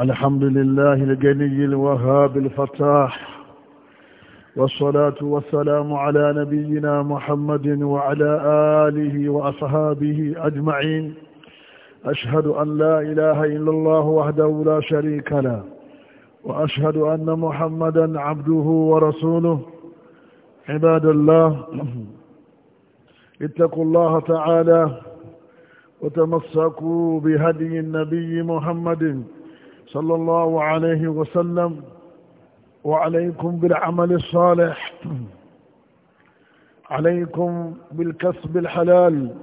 الحمد لله الجني الوهاب الفتاح والصلاة والسلام على نبينا محمد وعلى آله وأصحابه أجمعين أشهد أن لا إله إلا الله وحده لا شريك له وأشهد أن محمدا عبده ورسوله عباد الله اتقوا الله تعالى وتمسكوا بهدي النبي محمد صلى الله عليه وسلم وعليكم بالعمل الصالح عليكم بالكسب الحلال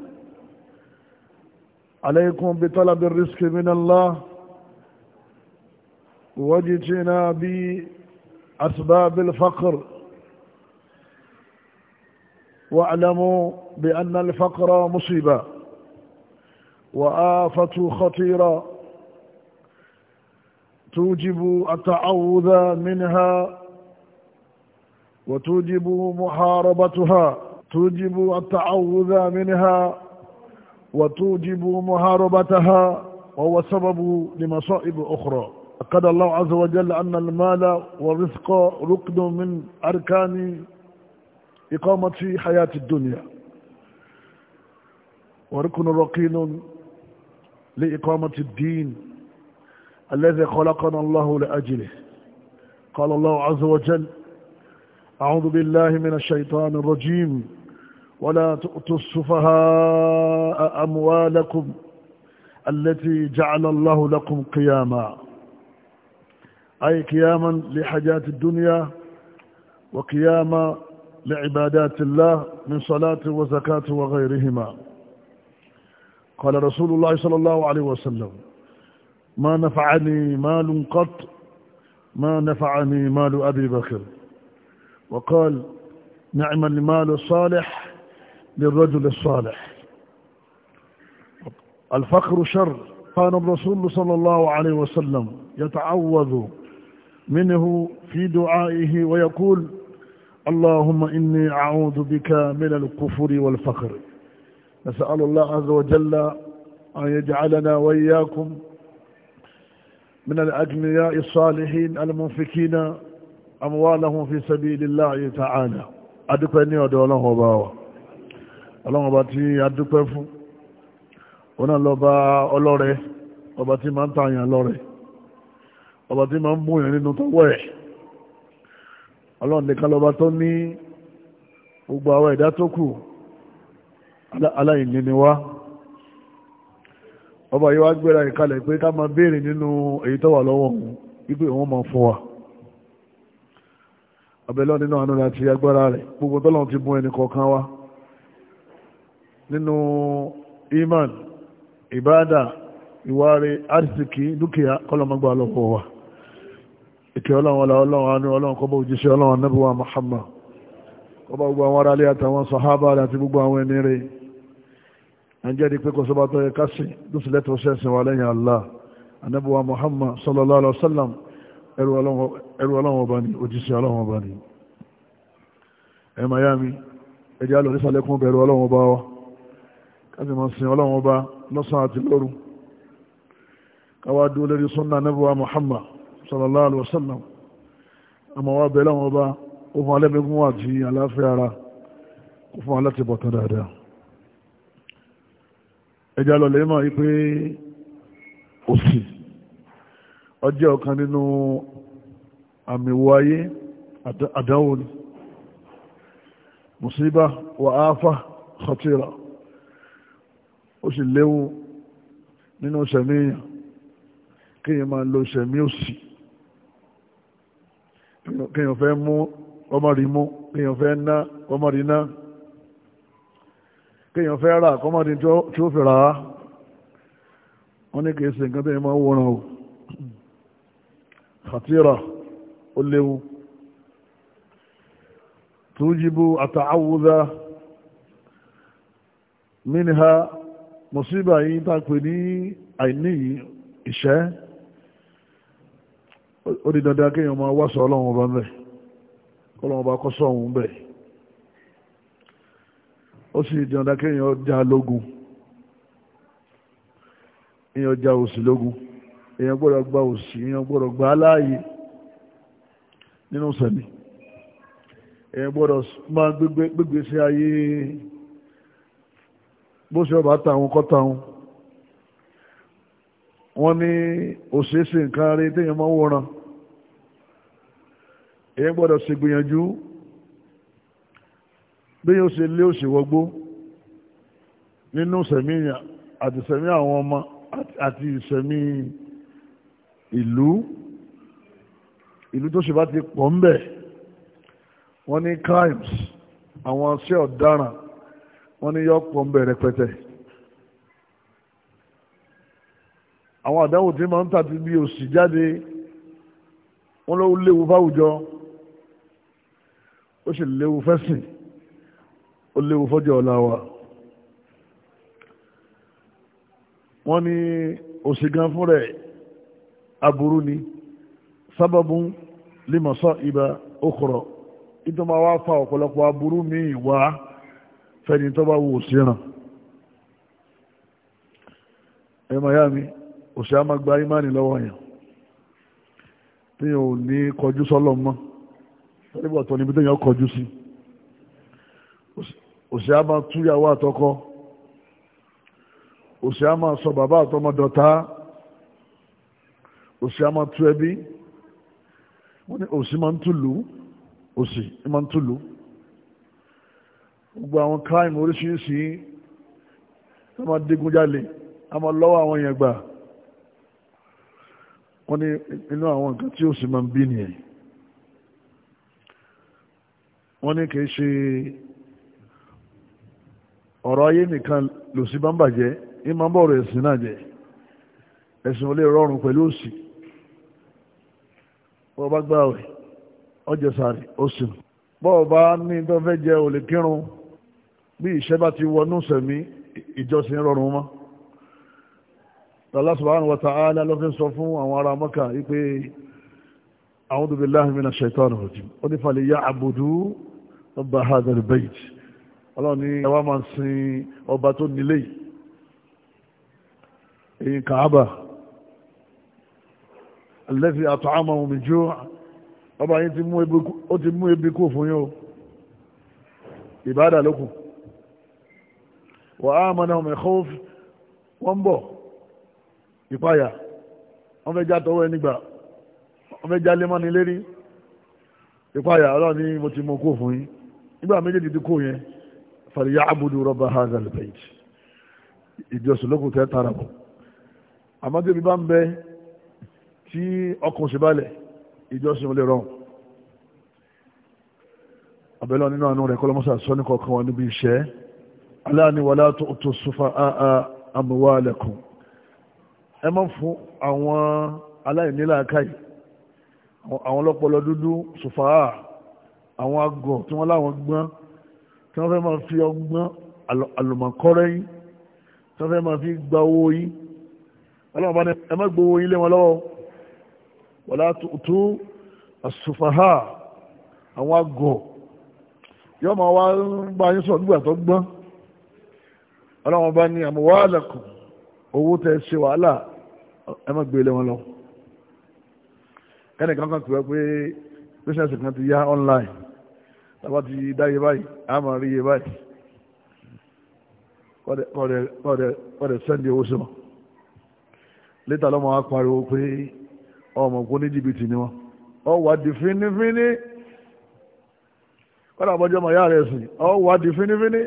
عليكم بطلب الرزق من الله وجدنا بأسباب الفقر واعلموا بأن الفقر مصيبة وآفة خطيرة توجب التعوذ منها وتوجب محاربتها توجب التعوذ منها وتوجب محاربتها وهو سبب لمصائب أخرى أكد الله عز وجل أن المال والرزق ركن من أركان إقامة حياة الدنيا وركن رقين لإقامة الدين الذي خلقنا الله لأجله قال الله عز وجل أعوذ بالله من الشيطان الرجيم ولا تؤتوا السفهاء أموالكم التي جعل الله لكم قياما أي قياما لحاجات الدنيا وقياما لعبادات الله من صلاة وزكاة وغيرهما قال رسول الله صلى الله عليه وسلم ما نفعني مال قط ما نفعني مال أبي بكر وقال نعم المال الصالح للرجل الصالح الفقر شر كان الرسول صلى الله عليه وسلم يتعوذ منه في دعائه ويقول اللهم إني أعوذ بك من الكفر والفقر نسأل الله عز وجل أن يجعلنا وإياكم من الأجنياء الصالحين المنفكين أموالهم في سبيل الله تعالى adúpẹ́ ní ọ̀dọ̀ ọlọ́run ọba wa ọlọ́run ọba tí adúpẹ́ fún ọ̀nà lọ́ba ọlọ́rẹ ọba tí máa ń tààyàn lọ́rẹ ọba tí máa ń múyàn nínú tọ́wọ́ ẹ̀ ọlọ́run nìkan lọ́ba tó ní gbogbo àwọn ẹ̀dá tó kù aláìní ni wá ọba yìí wá gbéra ìkalẹ̀ pé ká máa béèrè nínú èyí tó wà lọ́wọ́ òun wípé òun máa fún wa abẹ́lọ́ nínú àánú àti agbára rẹ̀ gbogbo tọ́lọ́run ti bùn ẹnì kọ̀ọ̀kan wa nínú iman ìbáàdà ìwárí àrísìkí dúkìá kọ́lọ́mọgbà lọ́pọ̀ wa ìkẹ́ ọlọ́run ọlá ọlọ́run àánú ọlọ́run kọ́bọ̀ òjíṣẹ́ ọlọ́run anábíwá Muhammad kọ́bọ̀ gbogbo àwọn aráalé àtàwọn sàhábà àti gbogbo àwọn ẹni rẹ̀ ẹjẹ́rí pé kò sọba tó yẹ kásì lóṣìlẹ́tọ̀ sẹ́sìn wa lẹ́yìn Allah anábíwá Muhammad sallallahu alaihi wasallam ẹrú ọlọ́wọ́ bá ní òjíṣẹ́ ọlọ́wọ́ bá ní ẹ miami ẹjẹ́ alọ́ nísàlẹ́kùn bẹ̀rù ọlọ́wọ́ bá wa káàkiri máa sin ọlọ́wọ́ bá lọ́sàn àti lóru káwá dúró lórí sunna anábíwá Muhammad sallallahu alaihi wasallam àmọ́ wa bẹ̀rẹ̀ ọlọ́wọ́ bá ó fún alẹ́mẹ́gún àti àlàáfíà ara ó fún alátìbọ̀tán dáadáa ẹjá lọ lè mọ̀ wípé òsì ọjọ́ ọ̀kan nínú àmì wo ayé àdánwò ni musiba wà áfà khatira ó sì léwu nínú sẹ̀mí èèyàn kéèyàn máa lo sẹ̀mí òsì kéèyàn fẹ́ mú ọmọ rí mú kéèyàn fẹ́ ná ọmọ rí náà kéèyàn fẹ́ rà kọ́mọ́dé tí ó fi rà á wọ́n ní kìí nǹkan tó yẹ máa wọ́n o ha ó léwu tujibu àtàwùdá yìí tá a pè ní àìní ìṣẹ́ ó di dandan kéèyàn máa wá sọ ọlọ́run ọba ń bẹ̀ kọ́lọ́run ọba kọ́ sọ ọ̀hún bẹ́ẹ̀. ó sì jọ̀ǹda kéèyàn já lógun èèyàn já òsì lógun èèyàn gbọ́dọ̀ gba òsì èèyàn gbọ́dọ̀ gba aláàyè nínú sẹ̀mí èèyàn gbọ́dọ̀ máa gbégbé sí ayé bó ṣe ọba táwọn kọ́ táwọn wọ́n ní òṣèṣe nǹkan rí téèyàn máa ń wòran èèyàn gbọ́dọ̀ ṣègbìyànjú bí yóò ṣe lé òṣèwọ́gbó nínú sẹ̀mí àti sẹ̀mí àwọn ọmọ àti sẹ̀mí ìlú ìlú tó ṣe bá ti pọ̀ ń bẹ̀ wọ́n ní crimes àwọn ṣẹ́ ọ̀daràn wọ́n ní yọ pọ̀ ń bẹ̀ rẹpẹtẹ àwọn àdánwò tí máa ń tàbí bí òṣì jáde wọ́n ló léwu fáwùjọ ó sì léwu fẹ́sìn ó léwu fọ́jọ́ ọ̀la wa wọ́n ní òṣìgán fún rẹ̀ aburú ni sábàbù límọ̀sọ́ ibà okòrò ìtọ́ máa wá fa ọ̀pọ̀lọpọ̀ aburú míì wá fẹ́ni tó bá wo òṣìràn ẹ màyá mi òṣì á máa gba ìmánì lọ́wọ́ yẹn tí yẹn ò ní kọjú sọ́lọ́ mọ́ tẹ́lẹ̀ bọ̀ tọ́ níbi tó kọjú sí i òṣè á máa túyàwó àtọkọ òṣè á máa sọ bàbá àtọmọ dọ̀tá òṣè á máa tú ẹbí wọ́n ní òṣì máa ń túlù òṣì máa ń túlù gbogbo àwọn crime oríṣiríṣi wọ́n máa digunjalè a máa lọ́wọ́ àwọn èèyàn gbà wọ́n ní inú àwọn nǹkan tí òṣì máa ń bí nìyẹn wọ́n ní kì ṣe ọ̀rọ̀ ayé nìkan lòsì bá ń bàjẹ́ ní máa ń bọ̀rọ̀ ẹ̀sìn náà jẹ́ ẹ̀sìn ò lè rọrùn pẹ̀lú òsì bọ́ bá gbà wẹ̀ ọjọ́ sàárì ó bá ní tó fẹ́ jẹ ò kírun bí ìṣẹ́ bá ti wọnú sẹ̀mí fún àwọn ará Mọ́kà wípé ọlọ́run ní ẹwà máa ń sin ọba tó nílé yìí èyí kàábà alẹ́fi àtọ̀ àmọ́ omi jó ọba yìí ti mú ebi kú fún yín o ìbádà lókun wà á mọ̀ náà mẹ́kọ́ wọ́n bọ̀ ìpayà wọ́n fẹ́ já tọwọ́ ẹni gbà wọ́n fẹ́ já lémọ́ni lérí ìpayà ọlọ́run mo ti mọ kó fún yín nígbà méjèèjì ti kó yẹn falyabudu rabba hadha albayt ìjọsìn lókun tẹ́ tara bọ̀ àmọ́ tí ibi bá ń bẹ tí ọkùn sí balẹ̀ ìjọsìn lè rọrùn abẹ́lẹ́ nínú àánú rẹ̀ kọ́lọ́mọ́sà sọ ní kọ̀ọ̀kan wọn níbi iṣẹ́ aláàní wala tu'tu sufa'a amwalakum ẹ máa ń fún àwọn aláìníláàkáì àwọn ọlọ́pọlọ dúdú sufa'a àwọn àgọ̀ tí wọ́n láwọn gbọ́n tí wọ́n fẹ́ máa fi ọgbọ́n àlùmọ̀kọ́rẹ́ yín tí wọ́n fẹ́ máa fi gba owó yín ọlọ́run bá ní ẹ má gbowó yín lé wọn lọ́wọ́ wọ́lá tó àsùfàhà àwọn àgọ̀ yọ́ máa wá bá yín sọ nígbà tó gbọ́n ọlọ́run bá ní àmúwáàlàkùn owó tẹ́ ṣe wàhálà ẹ má gbé lé wọn lọ ẹnìkan kan pè é pé business kan ti yá online tàbá ti dáyé báyìí a máa rí iye báyìí kọ́dẹ̀ sẹ́ndì owó sí wọn létà lọ́mọ wa pariwo pé ọmọ kó ní jìbìtì ni wọn ọ wà di fínífíní kọ́dà àbọ̀jọ́ mọ̀ yára rẹ̀ sìn ọ wà di fínífíní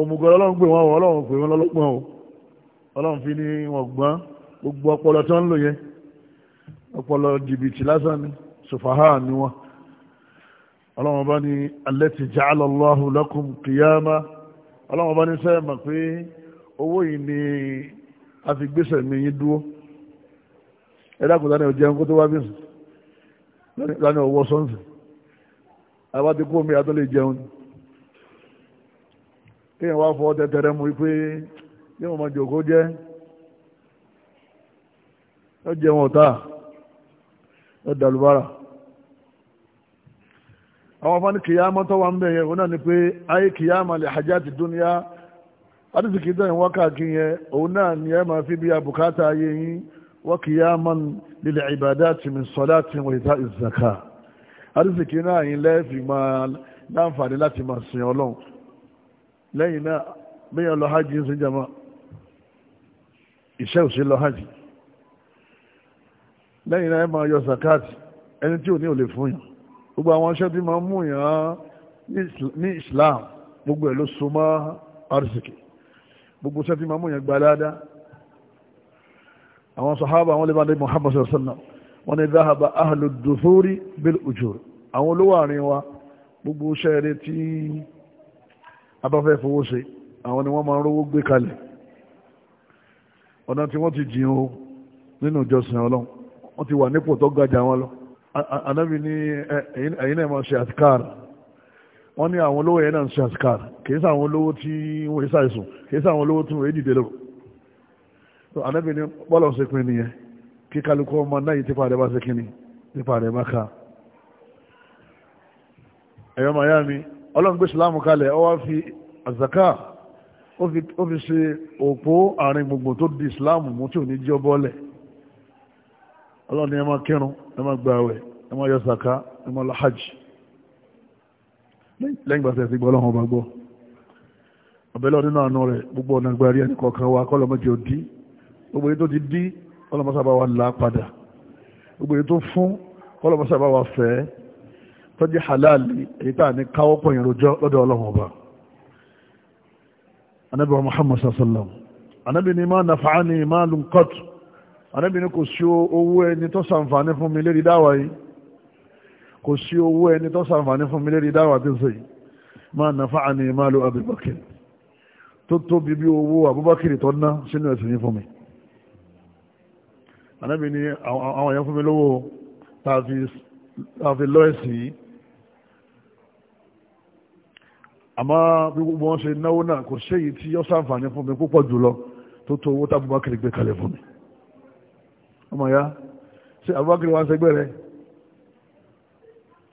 òmùgọ̀ ọlọ́run pè wọ́n ọlọ́run pè wọ́n lọ́lọ́pọ̀ o ọlọ́run fi ní wọ́n gbọ́n gbogbo ọpọlọ tí wọ́n ń lò yẹn ọpọlọ jìbìtì lásán ni sùfàhà ni wọ́n ọlọ́wọ́n bá ní allati ja'ala Allahu lakum qiyama ọlọ́wọ́n bá ní sẹ́ẹ̀mà pé owó yìí ni a fi gbéṣẹ̀ mi yín dúró ẹ̀dá kò dání ọ̀jẹ̀ ńkó tó wá bí sùn dání ọ̀wọ́ sọ́ǹsì àbá ti kú omi àtọ́ lè jẹun kéèyàn wá fọ́ tẹ́tẹ́rẹ́ mu pé yóò máa jòkó jẹ́ ó jẹun ọ̀tá ó dàlúbárà àwọn afọ́ ní kìyàmọ́ tó wà ń bẹ̀yẹ òun náà ni pé ayé kìyàmọ́ lè hajjá ti dúnìyà adìsí kìí tẹ̀yìn wákàkì yẹn òun náà ni ẹ máa fi bí abùkátà ayé yín wọ́n kìyàmọ́ lílẹ̀ ìbàdá ti mi sọ́lá ti wọ́n ìta ìzàkà adìsí kìí náà yín lẹ́ẹ̀fì máa láǹfààní láti máa sin ọlọ́run lẹ́yìn náà bẹ́yàn lọ hajj ń sin jama ìṣẹ́ òsì lọ hajj lẹ́yìn náà ẹ máa yọ zakat ẹni tí ò ní ò lè fún yàn gbogbo àwọn aṣẹ́ tí máa ń mú yàn ní islam gbogbo ẹ̀ ló so mọ́ arzikì gbogbo aṣẹ́ tí máa ń mú yàn gba dáadáa àwọn sahaba àwọn lébàdé muhammad sallam wọn ni dáhàbà ahlu dùfúrí bil ujur àwọn olówó àárín wa gbogbo iṣẹ́ rẹ tí a fowó ṣe àwọn ni wọ́n máa ń rówó gbé kalẹ̀ ọ̀nà tí wọ́n ti jìn o nínú ìjọsìn ọlọ́run wọ́n ti wà nípò tó ga wọn lọ anábì ní ẹ̀yìn náà máa ṣe àtikáàrì wọ́n ní àwọn olówó yẹn náà ń ṣe àtikáàrì kìí sáwọn olówó tí wọ́n yẹ ṣàìsùn kìí sáwọn olówó tí wọ́n yẹ dìde lọ anábì ní bọ́lọ̀ ṣe pin nìyẹn kí kálukú ọmọ náà yìí tipa rẹ̀ bá ṣe kíni tipa rẹ̀ má ká ẹ̀yọ́ màá yá mi ọlọ́run gbé sùlámù kalẹ̀ ọ wá fi àzàká ó fi ṣe òpó àárín gbùngbùn tó di ìsìlámù mú tí ò ní jẹ́ ọ bọ́lẹ̀ ọlọ́ni ẹ máa kírun ẹ máa gbààwẹ̀ ẹ máa yọ sàká ẹ máa lọ hajj lẹ́yìn gbàtẹ́ sí gbọ́ ọlọ́run ọba gbọ́ ọ̀bẹ̀lẹ̀ ọdún náà nù rẹ̀ gbogbo ọ̀nà gbàrí ẹnì kọ̀ọ̀kan wa kọ́lọ́mọ́jì òdí gbogbo èyí tó ti dí kọ́lọ́mọ́sàbá wa là padà gbogbo èyí tó fún kọ́lọ́mọ́sàbá wa fẹ́ tọ́jú halali èyí tá à ní káwọ́ pọ̀ yẹn rojọ́ lọ́dọ̀ ọlọ́run ọba Ànábì ní kò sí owó ẹni tó sàǹfààní fún mi lérí dáwà yìí kò sí owó ẹni tó sàǹfààní fún mi lérí dáwà tí ń sè máa nàfà àní malu Abubakar tó tóbi bí owó Abubakar tó ná sínú ẹ̀sìn yìí fún mi Ànábì ní àwọn èèyàn fún mi lówó tààfi lọ ẹ̀sìn yìí àmọ́ bí gbogbo wọn ṣe náwó náà kò séyìí tí yọ sàǹfààní fún mi púpọ̀ jùlọ tó tó owó tí gbé kalẹ̀ fún mi ọmọ ya ṣe abubakar wa ń sẹgbẹ́ rẹ̀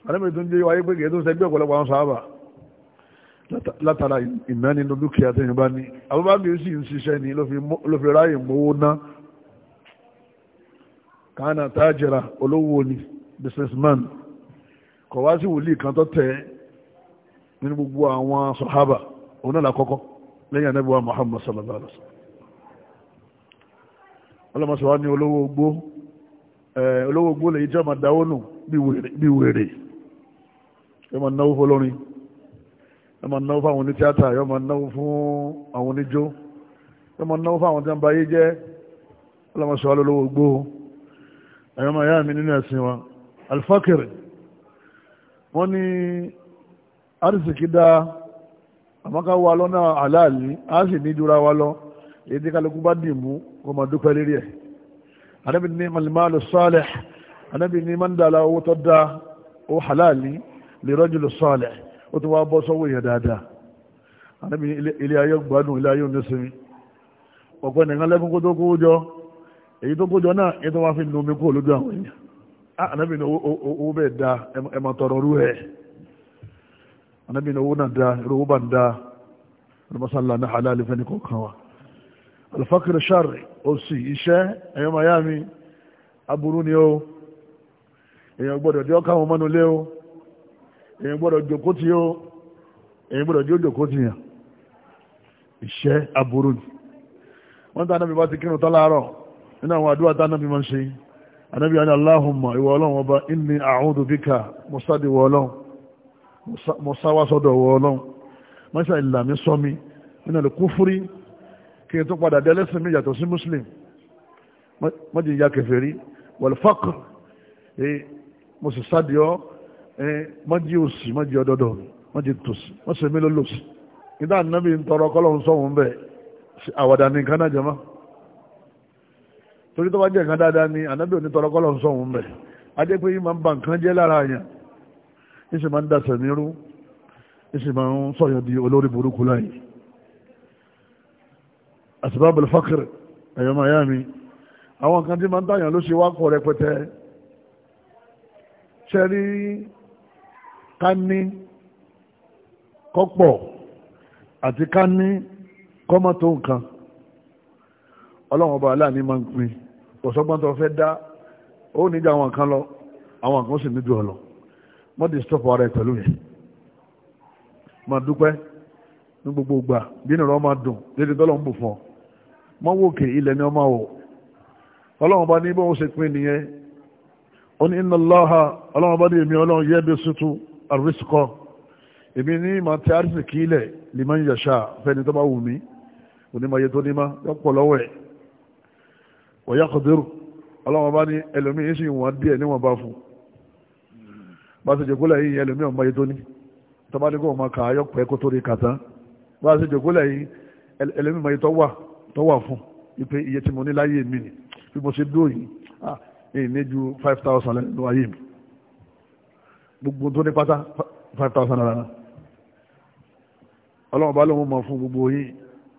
alẹ́mìí tó ń jẹ́ wáyé pé kìí tó ń sẹgbẹ́ ọ̀pọ̀lọpọ̀ àwọn sábà látara ìná nínú dúkìá tó yìnbá ní abubakar sì ń ṣiṣẹ́ ni ló fi ráyè mówó ná kánà tájẹra olówó ni businessman kọ̀ wá sí wòlíì kan tó tẹ̀ nínú gbogbo àwọn sọ̀hábà òun náà lákọ́kọ́ lẹ́yìn anábíwá muhammad sallallahu alaihi wa sallam ọlọ́mọsọ wa ní olówó ogbó olówó ogbó lè jẹ́ ọmọ dáwó nù bí wèrè yọ ma náwó fọlọ́rin yọ ma náwó fún àwọn onítíátà yọ ma náwó fún àwọn oníjó yọ ma náwó fún àwọn tí wọ́n bá yé jẹ́ ọlọ́mọsọ wa lọ́wọ́ ogbó ẹ̀yọ́ máa yá nínú ẹ̀sìn wa alifákèrè wọ́n ní arísìkí dáa àmọ́ ká lọ́nà àláàlì á sì ní jura wa lọ́ọ́ èyí tí kálukú bá dì mú kó máa dúpẹ́ lérí ẹ̀ anábì ní malimalu salih anábì ní mandala owó tó dá ó halali lè rajulu salih ó ti wá bọ́ sọ́wọ́ èèyàn dáadáa anábì ilé ayé gbádùn ilé ayé onísìnmi ọ̀pọ̀ ènìyàn lẹ́kún kó tó kó jọ èyí tó kó jọ náà èyí tó wá fi nu omi kó lójú àwọn èèyàn anábì ní owó bẹ́ẹ̀ da ẹ máa tọrọ rú ẹ̀ anábì ní owó náà da irú bá ń da ọlọmọsán lànà halali fẹ́ni kọ̀ọ̀kan wa alfakir ṣarri òsì iṣẹ́ ẹ̀yọ́ miami aburú ni ó èèyàn gbọ́dọ̀ jẹ́ ọkà wọn mọ́nulé ó èèyàn gbọ́dọ̀ jòkó tí ó èèyàn gbọ́dọ̀ jẹ́ òjòkó tí yàn iṣẹ́ aburú ni wọ́n tán náà bá ti kírun tọ́láàrọ̀ nínú àwọn àdúrà tán náà máa ń ṣe anábì àni aláhùnmọ̀ ìwọ ọlọ́run ọba inni a'udhu bika mọ́sáde wọ ọlọ́run mọ́sáwásọ́dọ̀ wọ ọlọ́run mọ́sá ìlàmí sọ́mi nínú àlùkúfúrí kí n tó padà dé ẹlẹ́sìn mi yàtọ̀ sí muslim mo jì ya kèfèrí wọlfọk mo sì sádìọ mo jì òsì mo jì ọdọdọ mo jì tòsí mo sì mí lọlọsì nígbà nàbí ń tọrọ kọlọ́hún sọ̀hún bẹ́ẹ̀ àwàdà ní nǹkan náà jẹ mọ́ torí tó bá jẹ́ nǹkan dáadáa ni ànábì òní tọrọ kọlọ́hún sọ̀hún bẹ́ẹ̀ adé pé yìí máa ń ba nǹkan jẹ́ lára àyàn yìí sì máa ń dasẹ̀ nírú yìí sì máa ń sọ̀yọ̀ di olórí burúkú láyìí asbab al-faqr ẹ̀yọ́ miami àwọn kan tí máa ń tàyàn ló ṣe wá kọ̀ rẹpẹtẹ ṣẹ́rí ká ní kọ́pọ̀ àti ká ní kọ́mọ́ tó nǹkan ọlọ́run ọba aláàní máa ń pin ọ̀sọ́gbọ́n tó fẹ́ dá ó níjà àwọn kan lọ àwọn kan sì níjú ọ̀lọ́ wọ́n ti stop ara ẹ̀ pẹ̀lú yẹn máa dúpẹ́ ní gbogbo ìgbà bí nìrọ̀ máa dùn lédè tọ́lọ́ ń bù fún ọ wọ́n wòkè ilẹ̀ ni ọmọ wò ọlọ́run bá ní bọ́ ṣe pín nìyẹn ó ní inna Allaha ọlọ́run bá ní èmi ọlọ́run yẹ́ bí sútú àrísìkọ́ èmi ní ma ti àrísìkí ilẹ̀ liman yasha fẹ́ni tó bá wù mí onímọ̀ye tó ma yọpọ̀ lọ́wọ́ ẹ̀ wa yaqdir ọlọ́run bá ní ẹlòmíì sì wọ́n díẹ̀ níwọ̀n bá fún bá ṣe jẹ́ tó wà fún ipe iye tí mo ní láyé mi ni bí mo ṣe dúró yìí èyí ní ju five thousand lẹ́nu ayé mi gbogbo tó ní pátá five thousand naira ọlọ́run bá lóun máa fún gbogbo yín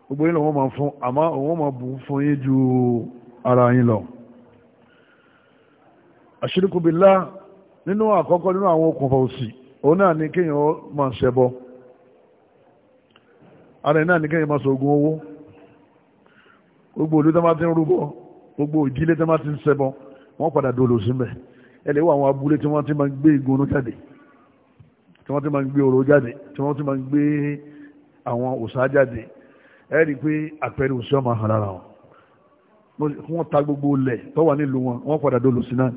gbogbo yín lòun máa fún àmọ́ òun máa bù fún yín ju ara yín lọ àṣírikù bíllà nínú àkọ́kọ́ nínú àwọn okùnfà òsì òun náà ni kéèyàn máa ṣẹbọ ara yín náà ni kéèyàn máa ṣoògùn owó gbogbo olú tó máa ti ń rúbọ gbogbo ìdílé tó ti ń ṣẹbọ wọ́n padà dolo síbẹ̀ ẹ lè wọ àwọn abúlé tí wọ́n ti máa ń gbé ìgbónú jáde tí wọ́n ti máa ń gbé oró jáde tí wọ́n ti máa ń gbé àwọn òsá jáde ẹ rí i pé àpẹẹrẹ òsì ọmọ hàn lára wọn wọ́n ta gbogbo lẹ̀ tó wà nílùú wọn wọ́n padà dolo sí náà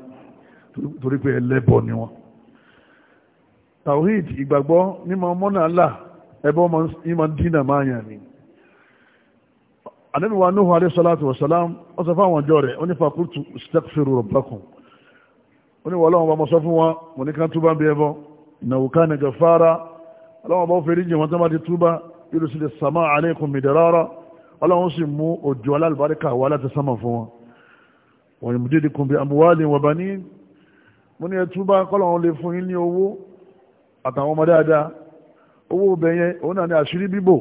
torí pé ẹlẹ́bọ ni wọn tawhid ìgbàgbọ́ ní ma mọ́nà ńlá ẹbọ ní ma dínà máa yàn ni ànábì wa Nuhu alayhi salatu wa salam ó sọ fáwọn ọjọ́ rẹ̀ ó ní fakultu istaghfiru rabbakum ó ní wọ́n lọ́wọ́ bá mọ́ sọ fún wọn mo ní ká túbá bí ẹbọ innahu kana ghaffara ọlọ́wọ́ bá fèrè jìn wọn tó bá ti túbá yursil as-samaa alaykum midrara ọlọ́wọ́ sì mú òjò alálùbáríkà wà láti sánmà fún wọn wa yumdidukum bi amwalin wa banin mo ní ẹ túbá kọ́lọ́wọ́ lè fún yín ní owó àtàwọn ọmọ dáadáa owó bẹ̀yẹn òun náà ní àṣírí bíbò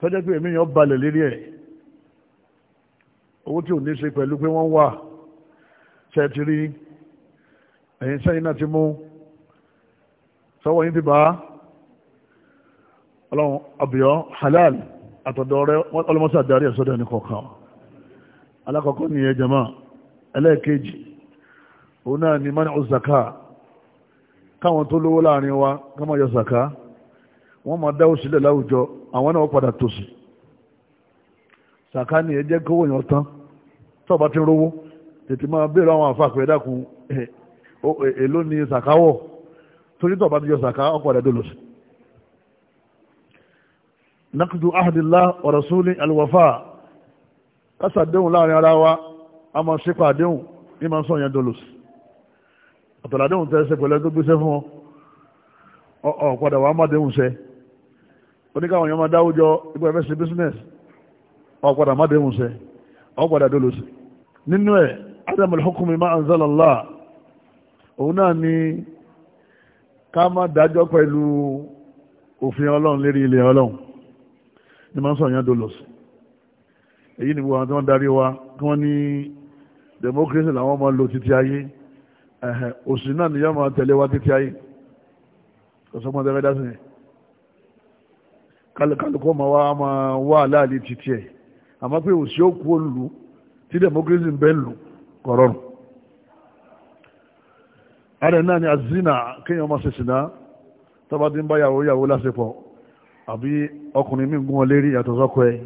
tọ́jẹ́ pé èmi yàn balẹ̀ lérí ẹ̀ owó tí ò ní ṣe pẹ̀lú pé wọ́n wà ṣe ti rí ẹ̀yìn sẹ́yìn náà ti mú sọ́wọ́ yín ti bá ọlọ́run abiyọ́ halal àtọ̀dọ̀ rẹ ọlọ́mọsí àdarí ẹ̀sọ́dọ̀ ní kọ̀ọ̀kan alákọ̀ọ́kọ́ ni ẹ jama ẹlẹ́ẹ̀kejì òun náà ni mani ọ̀zàká káwọn tó lówó láàrin wa wọ́n máa dáwó sílẹ̀ láwùjọ àwọn náà padà tòṣì sàkáàní ẹ jẹ́ kówó yàn tán tọ́ọ̀bá ti rówó tètè máa béèrè àwọn àfa àpẹẹrẹ dákun ni sàkáwọ̀ torí tọ́ọ̀bá ti yọ sàká ọkọ̀ rẹ̀ dòlòsì. nakudu ahadillah alwafa kásà déhùn láàrin ara wa a máa ṣe pàdéhùn ní máa ń sọ̀yàn tẹ́ ṣe pẹ̀lú ẹgbẹ́ fún ọ ọ̀ padà má déhùn ṣe oníkàwọn èèyàn máa dáwójọ ipò ẹ̀fẹ́ sí business ọ̀padà mádéhùn sẹ ọ̀padà dólòsì nínú ẹ̀ adam al-hukumi ma anzalala òun náà ni ká má dájọ́ pẹ̀lú òfin ọlọ́run lérí ilẹ̀ ọlọ́run ni máa ń sọ̀yàn dólòsì èyí ni gbogbo àwọn tí wọ́n darí wa kí wọ́n ní democracy làwọn máa lò títí ayé òsì náà ni yọ́ máa tẹ̀lé wa títí ayé ọ̀sọ́gbọ́n tẹ́fẹ́ dá sí yẹn kálukọ́ ma wá máa wá láàlẹ́ títí ẹ̀ àmọ́ pé òsì òkú olùlù tí democracy ń bẹ́ lù kọ̀rọ̀rùn ààrẹ náà ni azina kéèyàn máa ṣèṣì náà tọ́ba tí ń bá yàwó yàwó lásìpọ̀ àbí ọkùnrin mí gún ọ lérí yàtọ̀ sọ́kọ ẹ̀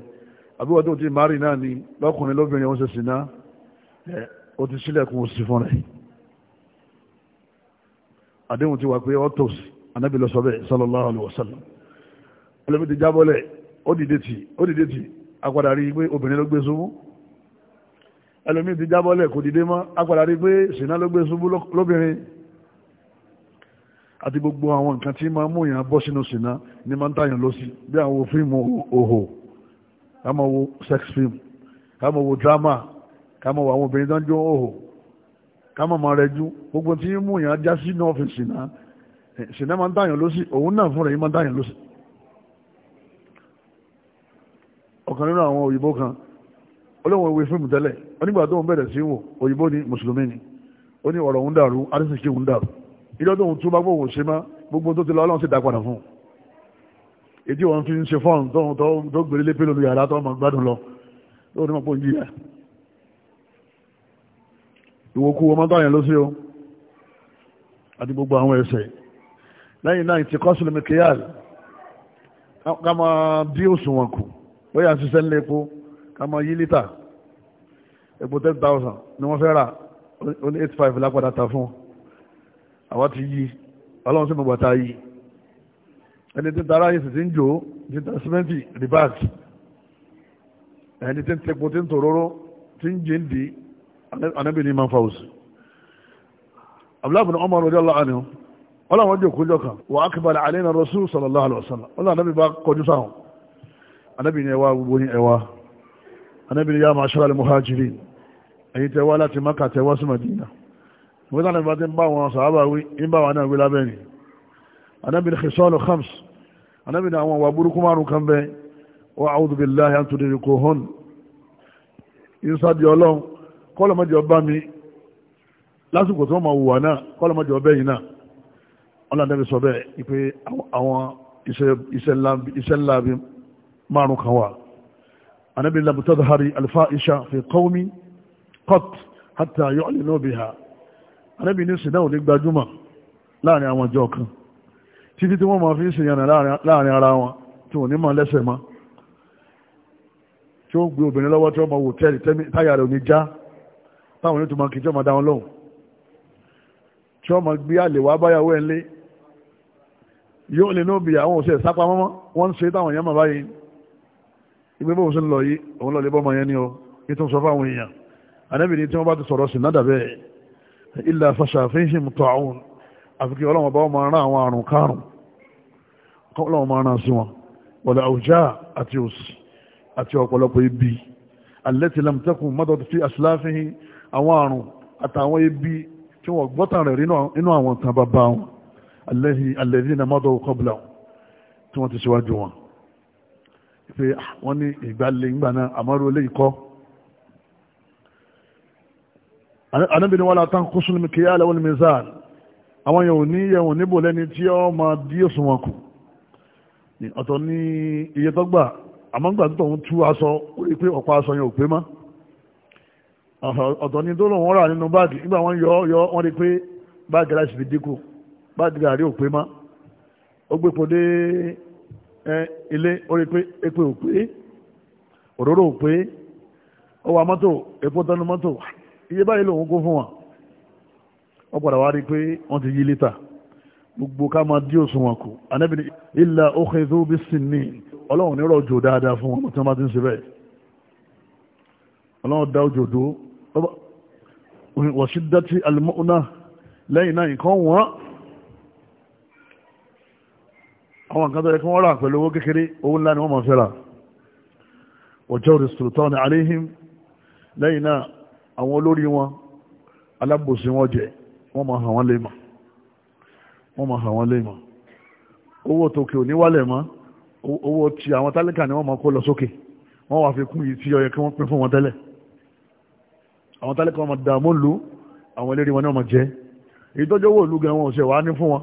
àbí wọ́n tó ti márì náà ni lọ́kùnrin lóbìnrin ó ṣèṣì náà ó ti sílẹ̀kùn òsì fún rẹ̀ àdéhùn ti wà pé ọ́ tòsí anábìlọ́sọ bẹ́ẹ̀ sallallahu alaihi wasallam ẹlòmí ti jábọ́lẹ̀ ó dìde tì ó dìde tì apadà rí i pé obìnrin ló gbé ṣubú ẹlòmí ti jábọ́lẹ̀ kò dìde mọ́ apadà rí i pé ṣìnà ló gbé ṣubú lóbìnrin àti gbogbo àwọn nǹkan tí máa mú èèyàn bọ́ sínú ṣìnà ní máa ń tàyàn lọ sí bí àwọn fíìmù òhò ká máa wo sex film ká máa wo drama ká máa wo àwọn obìnrin tó ń jó òhò ká máa máa rẹjú gbogbo tí ń mú èèyàn já sínú ọ̀fìn ṣìnà ṣìnà máa ń tàyàn lọ sí òun náà fúnra yìí máa ń tàyàn lọ sí. ọ̀kan nínú àwọn òyìnbó kan olóhùn ìwé fíìmù tẹ́lẹ̀ onígbà tó ń bẹ̀rẹ̀ sí wò òyìnbó ni mùsùlùmí ni ó ní ọ̀rọ̀ òun dàrú arísìkí òun dàrú ilé tó ń túbá gbóhùn ṣe má gbogbo tó ti lọ ọlọ́run sì dá padà fún un èdè wọn fi ń ṣe fọ́ọ̀n tó gbèrè lé pélónú yàrá tó máa gbádùn lọ tó ní mọ̀pọ̀ yíyà ìwòkú ọmọ táyàn ló sí o àti gbogbo àwọn ẹsẹ̀ lẹ́yìn náà ti kọ́ ká máa bí òṣùwọ̀n kù bóyá ṣiṣẹ́ nílé epo ká mọ yí lítà epo ten thousand ni wọ́n fẹ́ rà ó ní eight five lápadà ta fún àwa ti yí ọlọ́run sí mọ̀gbà ta yí ẹni tí ń tara yìí sì ti ń jò ó ti ta sìmẹ́ntì rìbáàt ẹni tí ń tepo tí ń tòróró tí ń jìn dì anábìnrin máa ń fa òsì ọmọ rẹ̀ ọlọ́ àná ọlọ́run jòkó jọ kan wà á kí balẹ̀ àlẹ́ náà rọ́ṣù sallallahu alaihi wasallam ọlọ́run náà bí bá kọjú sáwọn anábì ní ẹwà gbogbo ní ẹwà anábì ní yá ma'ashara al-muhajirin ẹ̀yin tẹwà láti maka tẹwà sí madina wọ́n tánà bá ti ń bá wọn sàábà wí ń bá wọn náà wí lábẹ́ni anábì ní khisalu khams anábì ní àwọn wà burúkú márùn kan bẹ wa a'udhu billahi an tudrikuhun ìsàdì ọlọ́run kọ́lọ̀mọ́jọ bá lásìkò tí wọ́n wùwà náà kọ́lọ̀mọ́jọ bẹ́ náà ọlọ́dẹ́bí sọ bẹ́ẹ̀ ìpé àwọn iṣẹ́ ńlá bíi márùn kan wà anábì lam tadhari alfa'isha fi qawmi qat hatta yu'linu biha anábì ní sinna ò ní gbajúmọ̀ láàrin àwọn ìjọ kan títí tí wọ́n máa fi ń sìnyànà láàrin ara wọn tí wọ́n ní máa lẹ́sẹ̀ mọ́ tí ó gbé obìnrin lọ́wọ́ tí wọ́n máa wò tẹ́lì táyà rẹ̀ ò ní já táwọn onítùú máa kì í dá wọn lóhùn tí wọ́n máa gbé àlè báyàwó ẹ̀ ń lé yóò lè ní òbí àwọn òṣèlú sápamọ́ wọ́n ń ṣe táwọn èèyàn máa báyìí ìgbé bóun sí lọ yìí òun lọ lè bọ́ ọmọ yẹn ni o yìí tó ń sọ fáwọn èèyàn ànábì ni tí wọ́n bá ti sọ̀rọ̀ sí nádà bẹ́ẹ̀ ilà fàṣà fíhìm tó àwọn àfikì ọlọ́wọ́n bá wọn máa rán àwọn àrùn kárùn kọ́ ọlọ́wọ́n máa rán sí wọn wọ̀lẹ̀ àwùjá àti òsì àti ọ̀pọ̀lọpọ̀ ibi alẹ́tì lamtẹ́kùn mọ́tọ́tù fi àṣìláfihìn àwọn àrùn àtàwọn ibi tí wọ́n gbọ́tàn rẹ̀ nínú àwọn pé wọ́n ní ìgbàlẹ̀ ìgbà náà àmọ́rú ilé ìkọ́ anábìnrin wọ́n látán kó súnmí kí yá lẹ́wọ́n mizan àwọn yẹ̀wò ní yẹ̀wò níbò lẹ́ni tí ó ma dí òsùn wọn kù ọ̀tọ̀ ní iye tó gbà àmọ́ gbà tó tọ̀hún tú aṣọ orí pé ọ̀pá aṣọ yẹn ò pé mọ́ ọ̀tọ̀ ní tó lòun rà nínú báàgì nígbà wọ́n yọ yọ wọ́n rí pé báàgì láti fi dínkù báàgì gàrí ò pé mọ́ ó gbé po dé ilé orí pé epe ò pé òróró ò pé ó wa mọ́tò epo tẹnu mọ́tò iye báyìí lòun kó fún wa wọ́n padà wá rí i pé wọ́n ti yí lítà gbogbo ká máa dí òṣùwọ̀n kù Ànábì ní illa ukhidhu bis-sinnin ọlọ́run ní rọ̀jò dáadáa fún wọn tí wọ́n bá ti ń ṣe bẹ́ẹ̀ ọlọ́run dá òjò dó wọ́n ṣí dátí al-mu'na lẹ́yìn náà nǹkan wọ́n àwọn nǹkan tó yẹ kí wọ́n rà pẹ̀lú owó kékeré owó ńlá ni wọ́n máa fẹ́ rà ọjọ́ rìsítòrótọ́ ní aléhìm lẹ́yìn náà àwọn olórí wọn alábòsí wọn jẹ wọ́n máa hàn wọ́n lè mọ̀ wọ́n máa hàn wọ́n lè mọ̀ owó tòkè ò ní wálẹ̀ mọ́ owó ti àwọn tálíkà ni wọ́n máa kó lọ sókè wọ́n wà fi kún yìí tí ó kí wọ́n pín fún wọn tẹ́lẹ̀ àwọn tálíkà wọn máa dààmú lu àwọn eléré wọn ni wọ́n máa jẹ́ ìtọ́jú owó ìlú gan wọn ò ṣe wàá ní fún wọn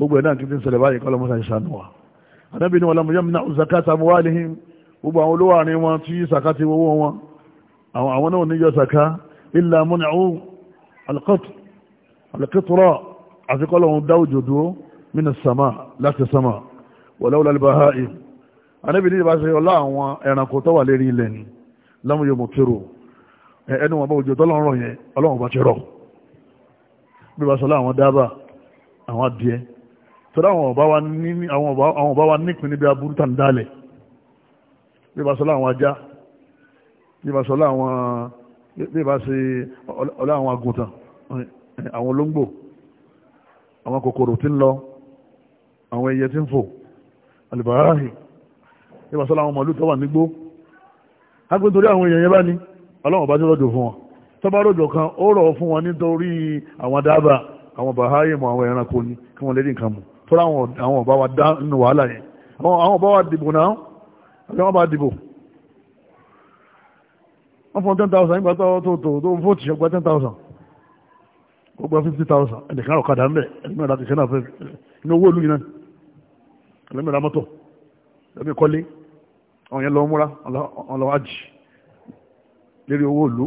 gbogbo ẹ̀ náà ti ń ṣẹlẹ̀ báyìí kọ́lọ́mọ́ sàn ṣàánú wa anábì ni wàlámù yẹ́mu náà zakata mu wáàlì him gbogbo àwọn olówó àárín wọn tí zakati owó wọn àwọn náà níyọ zaka ilà múnàú alkitro àti kọ́lọ́hún dáwùjọ dúró mínú sàmà láti sàmà wàláwùlá àwọn adìẹ torí àwọn ọba wa nípin níbi aburú tàn dálẹ̀ bí bá sọlá àwọn ajá bí bá sọlá àwọn bí bá ṣe ọlá àwọn agùntàn àwọn olóńgbò àwọn kòkòrò tí ń lọ àwọn ẹyẹ tí ń fò alìbáráhì bí bá sọlá àwọn màlúù tó wà nígbó agbé torí àwọn èèyàn yẹn bá ní ọlọ́wọ̀n bá ti rọ̀jò fún wọn tó bá rọ̀jò kan ó rọ̀ fún wọn nítorí àwọn dábà àwọn bàháyèmọ̀ àwọn ẹranko ni kí wọ́n lè nǹkan mú tọ́lá àwọn ọba wa dá nínú wàhálà yẹn àwọn ọba wa dìbò náà àbí wọ́n bá dìbò wọ́n fún ten thousand nígbà tó tó tó tó fún òtìṣẹ́ gba ten thousand ó gba fifty thousand ẹnìkan ọ̀kadà ńbẹ ẹnìmọ̀ra ti sẹ́nà fẹ́ ní owó ìlú yìí náà ẹnìmọ̀ra mọ́tò ẹbí kọ́lé àwọn yẹn lọ múra ọlọ́wọ́ àjì lérí owó ìlú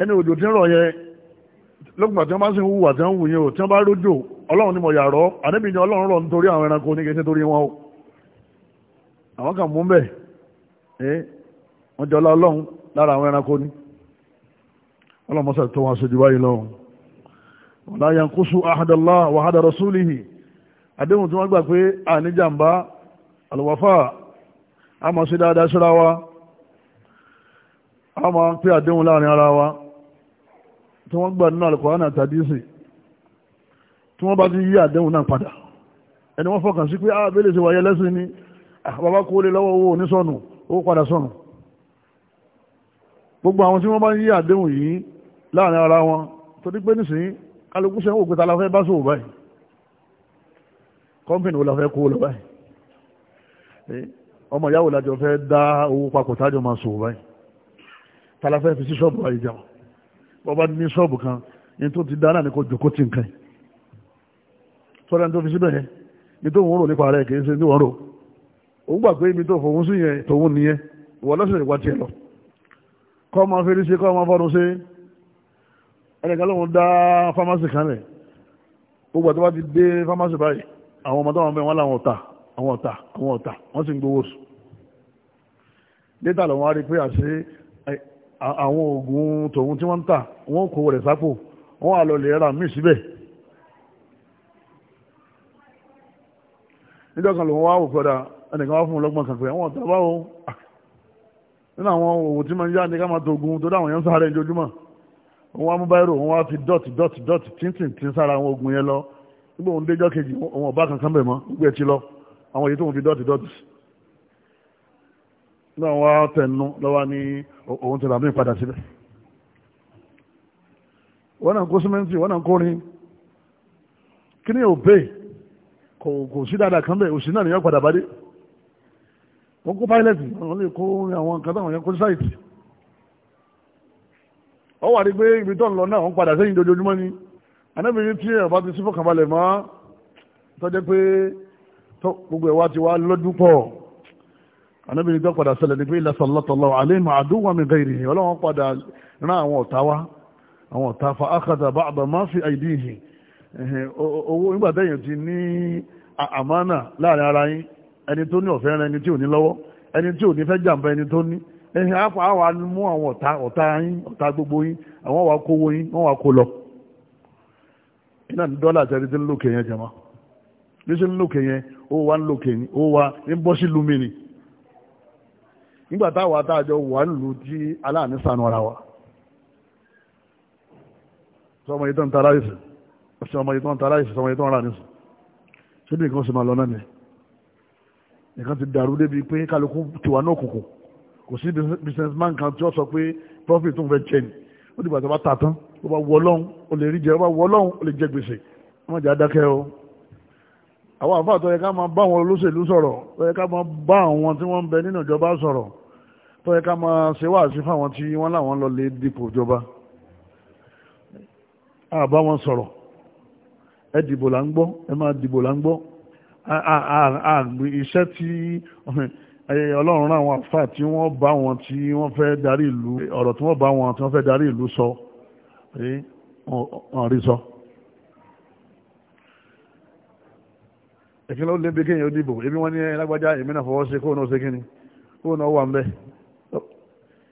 ẹni òjò tí ń rọ̀ yẹn lọ́gbà tí wọ́n bá sì ń hùwà tí o tí wọ́n bá rójò ọlọ́run ni mo yà rọ́ ni ọlọ́run rọ̀ nítorí àwọn ẹranko torí wọn o àwọn kan mú bẹ́ẹ̀ wọ́n jọ ọlọ́run lára àwọn ẹranko ní ọlọ́mọsà tó wọn aṣojú báyìí lọ́run ọ̀la yankusu ahadala àdéhùn tí wọ́n gbà pé wa tí wọ́n gbà nínú Al-Qur'an àtàdí sí tí wọ́n bá ti yí àdéhùn náà padà ẹni wọ́n fọkàn sí pé àbẹ́lẹ̀ ah, sí wáyé lẹ́sìn ni ah, àbábá kó lè lọ́wọ́ owó onísọ̀nù owó padà sọ̀nù gbogbo àwọn tí wọ́n bá ń yí àdéhùn yìí láàrin ara wọn torí pé nísìnyí kálukú sẹ́wọ́n òkúta la fẹ́ bá sòwò báyìí kọ́mpìnì wo la fẹ́ kó lọ báyìí ọmọ ìyáwó lájọ fẹ́ dá owó papọ̀ tájọ máa sòwò báyìí tá la fẹ́ fi sí ṣọ́ọ̀bù àyíjàmọ̀ bọ́bá ní ṣọ́ọ̀bù kan ní tó ti dáná ní kò jòkó tí nǹkan sọ́dá tó fi síbẹ̀ yẹn ní tó ń rò nípa rẹ̀ kìí ṣe ní wọ́n rò ó gbà pé ibi tó fòun sí yẹn tòun nìyẹn ìwọ lọ́sẹ̀ ìwà tiẹ̀ lọ kọ́ máa fi rí ṣe kọ́ máa fọ́nu ṣe ẹnìkan lóun dá fámásì kan rẹ̀ gbogbo àti wá ti dé fámásì báyìí àwọn ọmọ táwọn bẹ wọn làwọn ọ̀tà àwọn ọ̀tà àwọn ọ̀tà wọ́n sì ń gbowó sùn àwọn oògùn tòun tí wọ́n ń tà wọ́n kó rẹ̀ sápò wọ́n wà lọ́lẹ̀ ra míì síbẹ̀ níjọ́ kan lòun wá òkúta ẹnìkan wá fún un lọ́gbọ̀n kan pé àwọn ọ̀tá báwo nínú àwọn òwò tí máa ń yá ni ká máa togun tó dáwọn yẹn ń sáré ojoojúmọ́ òun wá mú báyìí òun wá fi dọ́ọ̀tì dọ́ọ̀tì dọ́ọ̀tì tíntìn tí ń sára àwọn oògùn yẹn lọ nígbà òun déjọ́ kejì òun ọ̀bá kankan bẹ̀ mọ́ gbé ẹ ti lọ àwọn èyí tóun fi dọ́ọ̀tì dọ́ọ̀tì náà wá tẹnu lọ́wọ́ ní òun ti ràmí padà síbẹ̀ wọ́n náà kó símẹ́ǹtì wọ́n náà kó kí ni òbẹ́ kò sí dáadáa kan bẹ́ẹ̀ òsì náà nìyẹn padà bá dé wọ́n kó pilẹ̀tì wọ́n lè kó rin àwọn nǹkan táwọn yẹn kó sáìtì wọ́n wà ní pé ibi tó ń lọ náà wọ́n padà sẹ́yìn dojoojúmọ́ ni anábìrin tí ẹ̀ ti sífọ́ kàbalẹ̀ mọ́ tọ́jẹ́ pé gbogbo ẹ̀ wá ti wá lọ́dún pọ̀ anábìrì gbọ́ padà sẹlẹ̀ ní pé ilẹ̀ sọlọ́tọ̀lọ́ àlẹ́mọ̀ àdúwà mi gẹ̀rì yìí ọlọ́wọ́n padà rán àwọn ọ̀tá wá àwọn ọ̀tá fa ákàtà bá àbá máa fi àìdí yìí owó nígbà tẹ́yìn ti ní àmánà láàrin ara yín ẹni tó ní ọ̀fẹ́ rẹ ẹni tí ò ní lọ́wọ́ ẹni tí ò ní fẹ́ jàǹbá ẹni tó ní ẹni àpá àwa mú àwọn ọ̀tá yín ọ̀tá gbogbo yín àwọn wa kówó yín wọ́n wa kó lọ ní dọ́là ń lókè yẹn ó wa ń bọ́ sí lumi ni nígbà táwa táàjọ wà lù tí aláàánú sànù ara wa sọmọ yìí tó ń tara ìsìn sọmọ yìí tó ń tara ìsìn sọmọ yìí tó ń ra nìsìn ṣé bí nǹkan sì máa lọ náà ni nǹkan ti dàrú débi pé kálukú tiwa náà kòkò business man kan tí ó profit tó ń fẹ́ jẹ ni ó dìgbà tó bá ta tán ó bá wọ o àwọn àfáà tó yẹ ká máa bá àwọn olóṣèlú sọ̀rọ̀ tó yẹ ká bá àwọn tí wọ́n ń bẹ nínú ìjọba sọ̀rọ̀ tó yẹ ká máa ṣe wá sí fáwọn tí wọ́n láwọn lọ lè dìbò ìjọba àbá wọn sọ̀rọ̀ ẹ dìbò là ń gbọ́ ẹ máa dìbò là ń gbọ́ iṣẹ́ tí ọlọ́run rán àwọn àfáà tí wọ́n bá wọn tí wọ́n fẹ́ darí ìlú ọ̀rọ̀ tí wọ́n bá wọn tí wọ́n fẹ́ darí ìlú sọ ọ̀rí sọ. ìkínlẹ̀ ó lé bí kéèyàn ó dìbò ebi wọ́n ní lágbájá èmi náà fọwọ́ sí kóun náà ó ṣe kíni kóun náà wà ń bẹ́ẹ̀.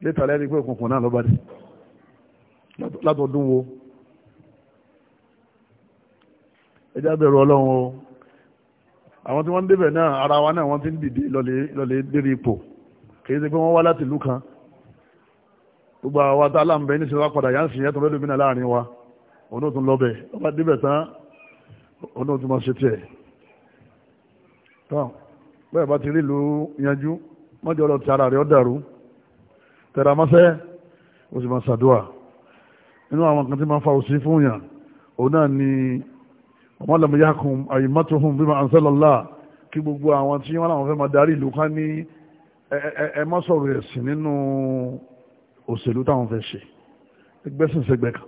létà lẹ́rí pé òkùnkùn náà lọ́ba dé látọ̀dún wo ẹjá bẹ̀rù ọlọ́run o àwọn tí wọ́n ń débẹ̀ náà ara wa náà wọ́n ti ń dìde lọ́lẹ̀ lérí ipò kìí ṣe pé wọ́n wá láti ìlú kan gbogbo àwa tá aláǹbẹ ní sinimá padà yá ń sìn yàtọ̀ lọ́dún mìíràn láàrin wa òun náà tún lọ́bẹ̀ ọba débẹ̀ tán òun náà tún máa ṣe tiẹ̀ tán bẹ́ẹ̀ bá ti rí ìlú yanjú mọ́jọ́ lọ ti ara rẹ̀ ọ́ dàrú tẹ̀ra mọ́sẹ́ ó sì máa ṣàdúrà nínú àwọn kan tí máa fa òsì fún yàn òun náà ni ọmọ lẹ́mọ yákùn àyèmọ́tòhùn bímọ ànsẹ́lọ́lá kí gbogbo àwọn tí wọ́n làwọn fẹ́ máa darí ìlú ká ní ẹ má sọ̀rọ̀ ẹ̀sìn nínú òṣèlú táwọn fẹ́ ṣe ẹgbẹ́ sìn sẹ́gbẹ́ kan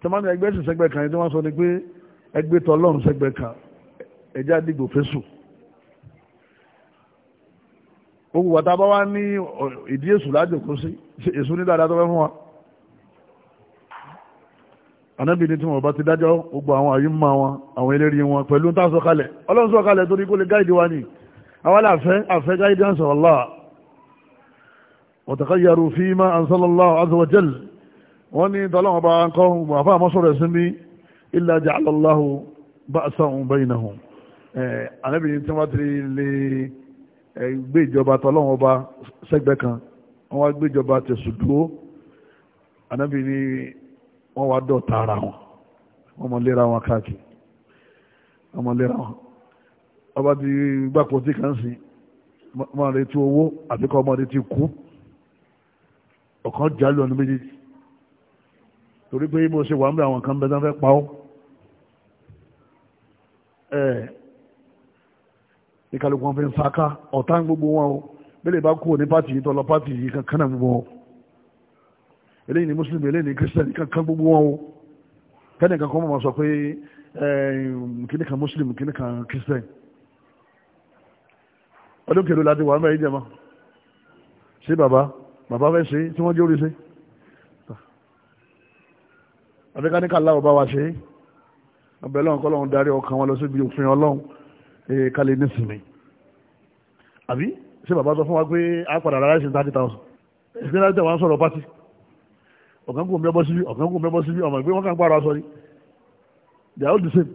tí wọ́n ní ẹgbẹ́ sìn sẹ́gbẹ́ kan yìí tí wọ́n sọ ni pé ẹgbẹ́ tọ́lọ́run sẹ́gbẹ́ kan ẹjá dìgbò fẹ́sùn gbogbo wàtá bá wá ní ìdí èṣù lájòkó sí èṣù ní dáadáa tó fẹ́ fún wa anábì ní tí wọ́n bá ti dájọ́ gbogbo àwọn àyí mọ́ wọn àwọn eléré wọn pẹ̀lú ń tàṣọ kalẹ̀ ọlọ́run sọ kalẹ̀ torí kó lè gáìdì wa ni àwọn àfẹ́ àfẹ́ gáìdì àǹsọ̀ ọ̀la ọ̀tàkàyàrú fíìmà àǹsọ̀lọ́lá azọ̀wọ̀jẹ́l wọ́n ní tọ́lọ́wọ́n bá ń gbé ìjọba tọ́lọ́wọ́n ọba sẹ́gbẹ́ kan wọ́n wá gbé ìjọba tẹ̀sùn dúró anábì ni wọ́n wá dọ̀tá ara wọn wọ́n mọ̀ lera wọn káàkiri wọ́n mọ̀ lera wọn ọba ti gbàpọ̀ tí kàn sí máa retí owó àti kọ́ ọmọdé ti kú ọ̀kan jálù ọ̀nà méjèèjì torí pé bó ṣe wà ń bẹ àwọn kan bẹ tán fẹ́ pa ọ́ ìkàlùkù wọn fi ń faka ọ̀tá ń gbogbo wọn o bẹ́lẹ̀ bá kúrò ní pàtì yìí tọ́lọ pàtì yìí kankan náà gbogbo wọn eléyìí ni mùsùlùmí eléyìí ni kírísítẹ́nì kankan gbogbo wọn o kẹ́ni kankan mọ̀ sọ pé kíní kan mùsùlùmí kíní kan kírísítẹ́nì ọdún kèrò láti wà mẹ́rin jẹ́mọ́ sí bàbá bàbá fẹ́ ṣe tí wọ́n jẹ́ orí ṣe àbíkáníkà láwọ̀ bá wa ṣe ọbẹ̀ lọ́nkọ́ lọ́n darí ọkàn wọn lọ síbi òfin ọlọ́run kálẹ̀ nísìnyí àbí ṣé bàbá sọ fún wa pé a padà rárá ṣe thirty thousand ìpínlẹ̀ àti àwọn sọ̀rọ̀ pátì ọ̀gángún mẹ́bọ́ síbí ọ̀gángún mẹ́bọ́ síbí ọmọ ìgbé wọn kàn gbára sọ ni they are all the same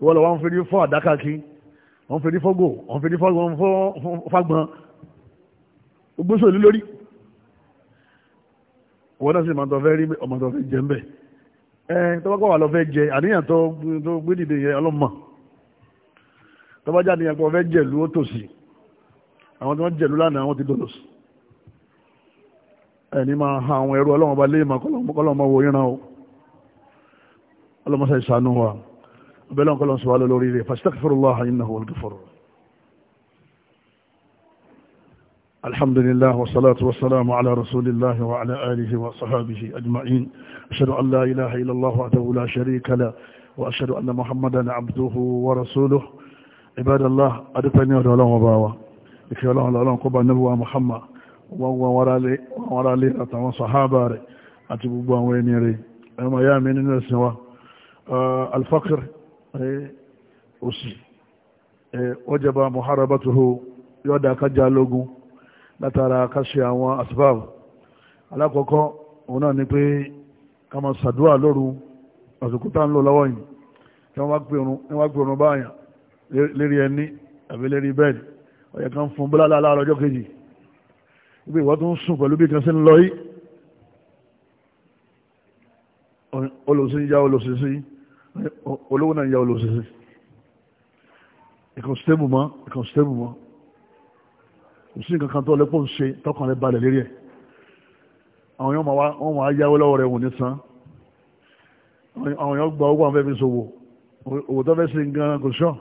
ìwọ lọ wọn fèrè fọ àdáká kí wọn fèrè fọ gò wọn fèrè fọ wọn fọ fagbọn gbósò ní lórí wọn náà sì máa tọ́ fẹ́ rí ọmọ tọ́ fẹ́ jẹ ń bẹ̀ ẹ tọ́wọ́ kọ́ wà lọ fẹ́ jẹ àníyàn tó gbé tọ́bájá ni ẹ̀kọ́ fẹ́ jẹ̀lú ó tòsí àwọn tí wọ́n jẹ̀lú lánàá wọ́n ti dòdò sí ẹni máa ha àwọn ẹrú ọlọ́wọ́n bá lé ìmọ̀ kọ́lọ́mọ́ wo yíran o ọlọ́mọṣẹ́ ìṣàánú wa ọbẹ̀ lọ́n kọ́lọ́n sọ wá lórí rẹ̀ fastaghfirullah innahu wal ghafur alhamdulillah wasalatu wasalamu ala rasulillah wa ala alihi wa sahabihi ajma'in ashhadu an la ilaha illallah wa la sharika la wa ashhadu anna muhammadan abduhu wa rasuluhu ibadallah adúpẹ́ ní ọ̀dọ̀ ọlọ́run ọba wa ìfẹ́ ọlọ́run ọlọ́run kó bá níbuwa muhammad wọ́n wọ́n wọ́n rálé àtàwọn sàhábà rẹ̀ àti gbogbo àwọn ẹni rẹ̀ ẹmọ ya mi nínú ẹ̀sìn wa alfakir òsì ọjọba muharabatuhu yọ́dá kájá lógún látara káṣe àwọn asibab alákọ̀ọ́kọ́ òun náà ni pé ká máa ṣàdúrà lóru àsìkò tá ń lò lọ́wọ́ yìí kí lérí ẹni àbí lérí bẹ́ẹ̀dì ọ̀yẹ̀ kan fún bọ́lá láàárọ̀ ọjọ́ kejì ibi ìwọ́ tó ń sùn pẹ̀lú bí kan sí ń lọ yìí olùsí ya olùsísí olówó náà ya olùsísí ìkan stable mọ́ ìkan stable mọ́ kò sí nǹkan kan tó lẹ́pọ̀ ń ṣe tọkàn rẹ̀ balẹ̀ lérí ẹ̀ àwọn yóò máa wọ́n máa yáwó lọ́wọ́ rẹ̀ wò ní san àwọn yóò gba owó àwọn fẹ́ fi ṣòwò òwò tó fẹ́ ṣe nǹkan kò ṣọ́ọ̀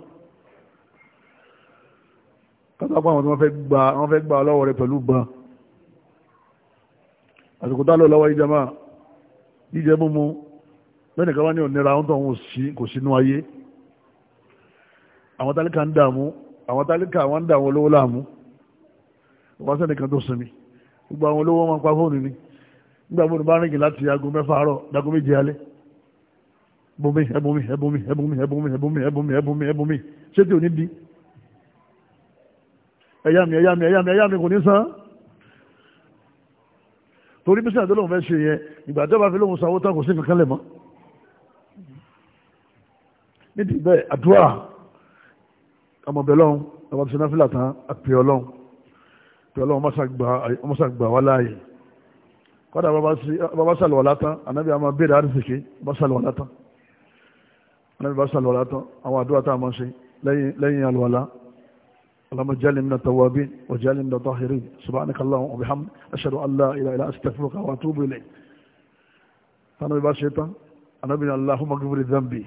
kátàpá àwọn tí wọ́n fẹ́ gba wọ́n fẹ́ gba ọlọ́wọ́ rẹ pẹ̀lú ban àsìkò tá lọ lọ́wọ́ ìjàmá jíjẹ múmu bẹ́ẹ̀ nìkan wá ní ònira ń tọ̀ kò sínú ayé àwọn tálíkà ń dààmú àwọn tálíkà wọn ń dààmú olówó láàmú wọ́n sẹ́nìkan tó sinmi gbogbo àwọn olówó máa ń pa fóònù ni nígbà fóònù bá rìngì láti aago mẹ́fà àárọ̀ dago méje alẹ́ ẹbùnmi ẹbùnmi ẹbùnmi ẹbùnmi ẹbùnmi ẹbùnmi ẹbùnmi ẹbùnmi ẹbùnmi ṣé tí ò ní di ẹ̀yà mi ẹ̀yà mi ẹ̀yà mi ẹ̀yà mi kò ní san torí bí sàn tó lóun fẹ́ ṣe yẹn ìgbà tó bá fi lóun sanwó tán kò sí kankan lẹ̀ mọ́ nídìí bẹ́ẹ̀ àdúrà ọmọbẹ̀ lọ́hún ọmọ tó ṣẹlẹ̀ fìlà tán àpè ọlọ́hún pè ọlọ́hún ọmọṣàgbà wà láàyè kọ́dà bàbá sàlùwà látàn ànábì àmọ́ bèèrè àrísìkí bàbá sàlùwà látàn ànábì bàbá sàlùwà látàn àwọn àdúrà tá ṣe lẹ́yìn àlùwàlá اللهم اجعلني من التوابين واجعلني من الطاهرين سبحانك اللهم وبحمدك اشهد ان لا اله الا استغفرك واتوب اليك فانا ببار شيطان انا بن اللهم اغفر ذنبي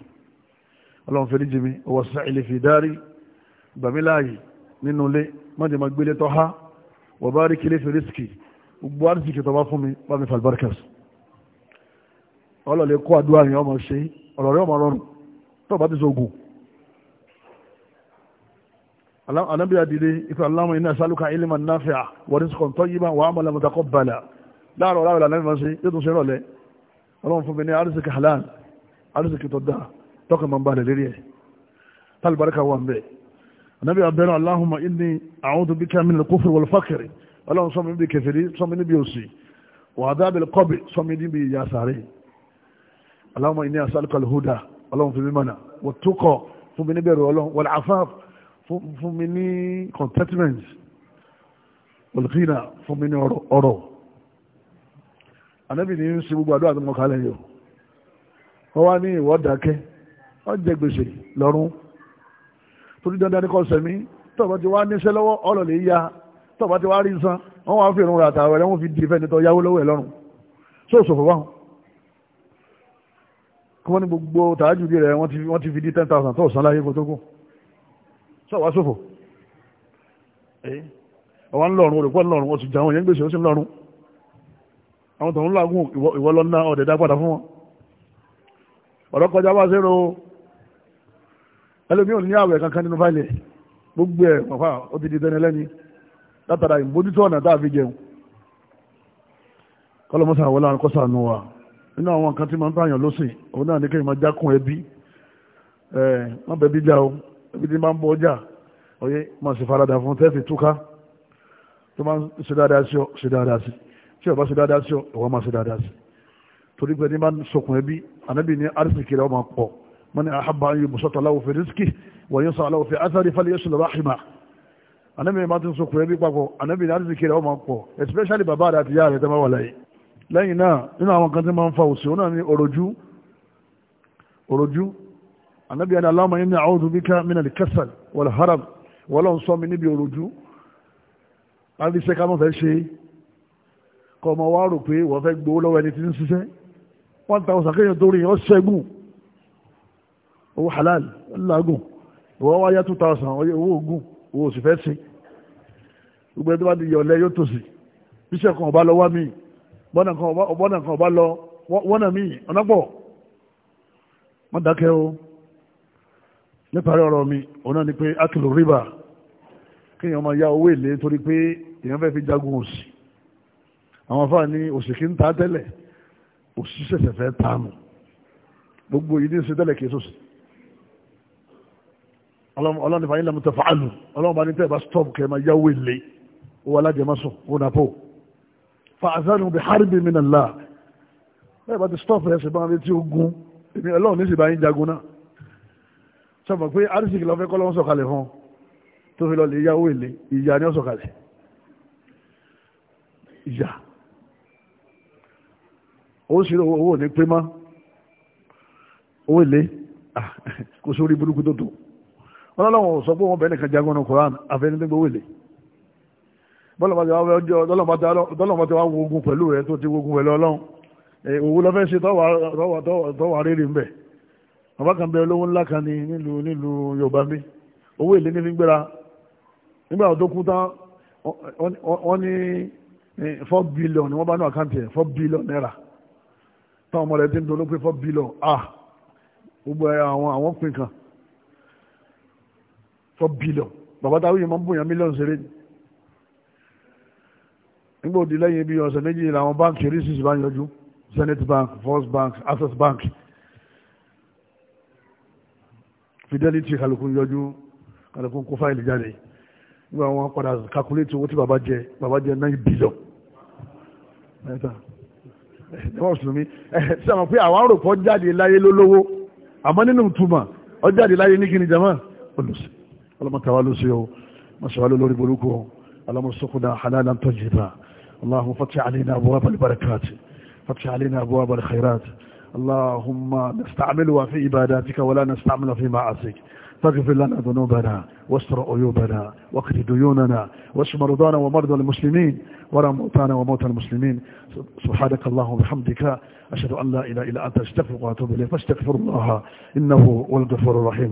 اللهم فرج مي ووسع لي في داري بملاي nínú ilé mọ́dé ma gbélé tọ́ ha wà bá rí kílé fi rísìkì gbogbo àrísìkì tó bá fún mi bá mi falbarkas ọlọ́lẹ̀ kó àdúrà yẹn ọmọ anabi adìde ife aláwọ̀ iná sálùkà ilé ma náfẹ́ à wọ́n ti sọ̀tọ́ yìí bá wàá mọ̀lẹ́ mọ̀tàkọ́ bàlà láàrọ̀ láàrọ̀ lànà ìfọ̀n sí yóò tún ṣe rọ̀lẹ́ ọlọ́run fún mi ní arísìkì halal arísìkì tó dáa tọ́kà máa ń balẹ̀ lérí ẹ̀ tálíbáríkà wà ń bẹ̀ anabi abẹ́rẹ́ aláhùnmá inni a'udhu bika min al-kufri wal-fakri ọlọ́run sọ mi níbi kẹfìrí sọ mi níbi òsì wàdábìl kọ́bì sọ mi níbi ìyá sàárè inni asálùkà lùhúdà ọlọ́run fún mi mọ̀nà wọ́n tó kọ̀ fún mi níbẹ̀rù ọlọ́run wal-afaf fún mi ní contentment olùkíyìnà fún mi ní ọ̀rọ̀ ànábì ní ṣe gbogbo àdúrà tó mọ kalẹ̀ yìí wọ́n wá ní ìwọ́ dákẹ́ wọ́n jẹ gbèsè lọ́rùn torí dandan ní kò sẹ̀mí tọ́ba ti wá níṣẹ́ lọ́wọ́ ọ̀rọ̀ lè ya tọ́ba ti wá rí san wọ́n wá fi ìrun ràtà rẹ̀ wọ́n fi di ìfẹ́ nítorí yáwó lọ́wọ́ ẹ̀ lọ́rùn sóòsò fún wọn kí wọ́n ní gbogbo tààjù bí rẹ̀ wọ́n ti fi di ten thousand tó sàn láyé kó tó kù sọ̀wá sófò ọwá ń lọ́rùn olùkọ́ lọ́rùn oṣù jàun yẹn gbèsè ó sì ń lọ́rùn àwọn tòun lágùn ìwọ lọ́nà ọ̀dẹ̀ dá padà fún wọn ọ̀rọ̀ kọjá bá ṣe ro ẹlòmí ò ní àwẹ̀ kankan nínú fáìlì gbogbo ẹ̀ pàpà ó ti di dẹni lẹ́ni látara ìmójútó ọ̀nà tá a fi jẹun kọlọmọsà àwọn láàrín kọsànù wa nínú àwọn kan tí máa ń tààyàn lọ́sìn òun náà ní kéèyàn máa jákùn ẹbí ẹ̀ wọ́n bẹ̀ bí já ibi tí máa ń bọ ọjà oyè máa ṣe farada fún tẹ́fì túká tó máa ń ṣe dáadáa sí ọ ṣe dáadáa sí tí ọba ṣe dáadáa sí ọ ọba máa ṣe dáadáa sí torí pé ní bá ń sokùn ẹbí anábì ní arísìkì rẹ ọmọ pọ wọn ni ahaba ayé musọtọ aláwọ fẹ rísíkì wọn yóò sọ aláwọ fẹ asáré falẹ yẹsùn lọba àhìmá anábì máa ti ń sokùn ẹbí papọ̀ anábì ní arísìkì rẹ ọmọ pọ especially bàbá rẹ àti ìyá rẹ tẹ́ máa wà láyé lẹ́yìn náà nínú àwọn kan tí máa ń fa òsì òun náà ní òròjú òròjú ànábì ẹni aláwọ̀ yẹn ní a'udhu bika min al-kasal wal haram wọ́n lọ́n sọ mi níbi òròjú àríṣẹ́ ká mọ̀ fẹ́ ṣe kọ́ ọmọ wa rò pé wọ́n fẹ́ gbowó lọ́wọ́ ẹni tí ń ṣiṣẹ́ one thousand kéèyàn tó rí yẹn ó ṣẹ́gun owó halal lágùn ìwọ́n wá yá two thousand owó ogun owó òsì fẹ́ sí gbogbo ẹni tó bá di yọ̀lẹ́ yóò tòsí bíṣẹ́ kan ọba lọ wá mí bọ́nà kan ọba lọ wọ́nà mí ọ̀nà pọ̀ mọ́ dákẹ́ o níparí ọ̀rọ̀ mi òun náà ni pé akílò rìbá kéèyàn máa ya owó èlé torí pé èèyàn fẹ́ fi jagun òsì àwọn afáà ní òsì kì í ta tẹ́lẹ̀ òsì ṣẹ̀ṣẹ̀ fẹ́ ta nù gbogbo yìí ní ṣe tẹ́lẹ̀ kì í sòsì ọlọ́run nípa ilẹ̀ mọ́tò fàálù ọlọ́run bá ní tẹ́ ẹ bá stop kẹ́ ẹ máa ya owó èlé owó alájẹmọ́sùn owó nàpọ̀ fa àzánù bí haribi min Allah bẹ́ẹ̀ bá ti stop ẹ̀ ṣe bá ń retí ogun èmi ọlọ́run ní sì bá yín jagun náà sọmọ pé arísìkì lọ fẹ́ kọ́ lọ́wọ́ sọ̀kalẹ̀ fún tó fi lọ lè yá owó èlé ìyá ni ó sọ̀kalẹ̀ ìyá owó sí owó ní pé má owó èlé kò sórí burúkú tó tó wọn lọ́wọ́ sọ pé wọn bẹ̀rẹ̀ nìkan jagun ní koran àfẹnidẹ́gbẹ̀ owó èlé bọ́lọ̀mọ́ ti wá wogun pẹ̀lú rẹ tó ti wogun pẹ̀lú ọlọ́run owó lọ́fẹ́ ṣe tọ́wọ́ rírì ń bẹ̀ bàbá kan bẹ olówó ńlá kan ní nílùú nílùú yorùbá bí owó èlé ní fi gbéra nígbà tó kú tán wọ́n ní four billion wọ́n bá ní àkáǹtì ẹ̀ four billion naira táwọn ọmọ rẹ̀ ti ń dolo pé four billion ah gbogbo àwọn àwọn pin kan four billion bàbá táwọn yìí máa ń bòyàn mílíọ̀nù ṣeré nígbà òdì lẹ́yìn bí ọ̀sẹ̀ méjì làwọn báńkì oríṣiríṣi bá yọjú zenith bank first bank access bank fidelity kálukú yọjú kálukú kó fáìlì jáde nígbà wọn padà calculate owó tí bàbá jẹ bàbá jẹ nine billion ẹ̀ta ẹ̀wọ̀n sùnmí ẹ̀ sọ̀rọ̀ pé àwọn àròpọ̀ jáde láyé lólówó àmọ́ nínú túmọ̀ ọ jáde láyé ní kíni jama olùsí ọlọ́mọtàwá ló sí o mọ̀sọ̀wá ló lórí burúkú o alámọ̀sọ́kùnà halalan tajiba Allahumma fatih alaina abwaab al-barakat fatih alaina abwaab al-khairat اللهم نستعملها في إباداتك ولا نستعملها في معاصيك فاغفر لنا ذنوبنا واستر عيوبنا واقض ديوننا واشف مرضانا ومرضى المسلمين وارى موتانا وموتى المسلمين سبحانك اللهم وبحمدك اشهد ان لا اله الا انت استغفرك واتوب اليك فاستغفر الله انه هو الغفور الرحيم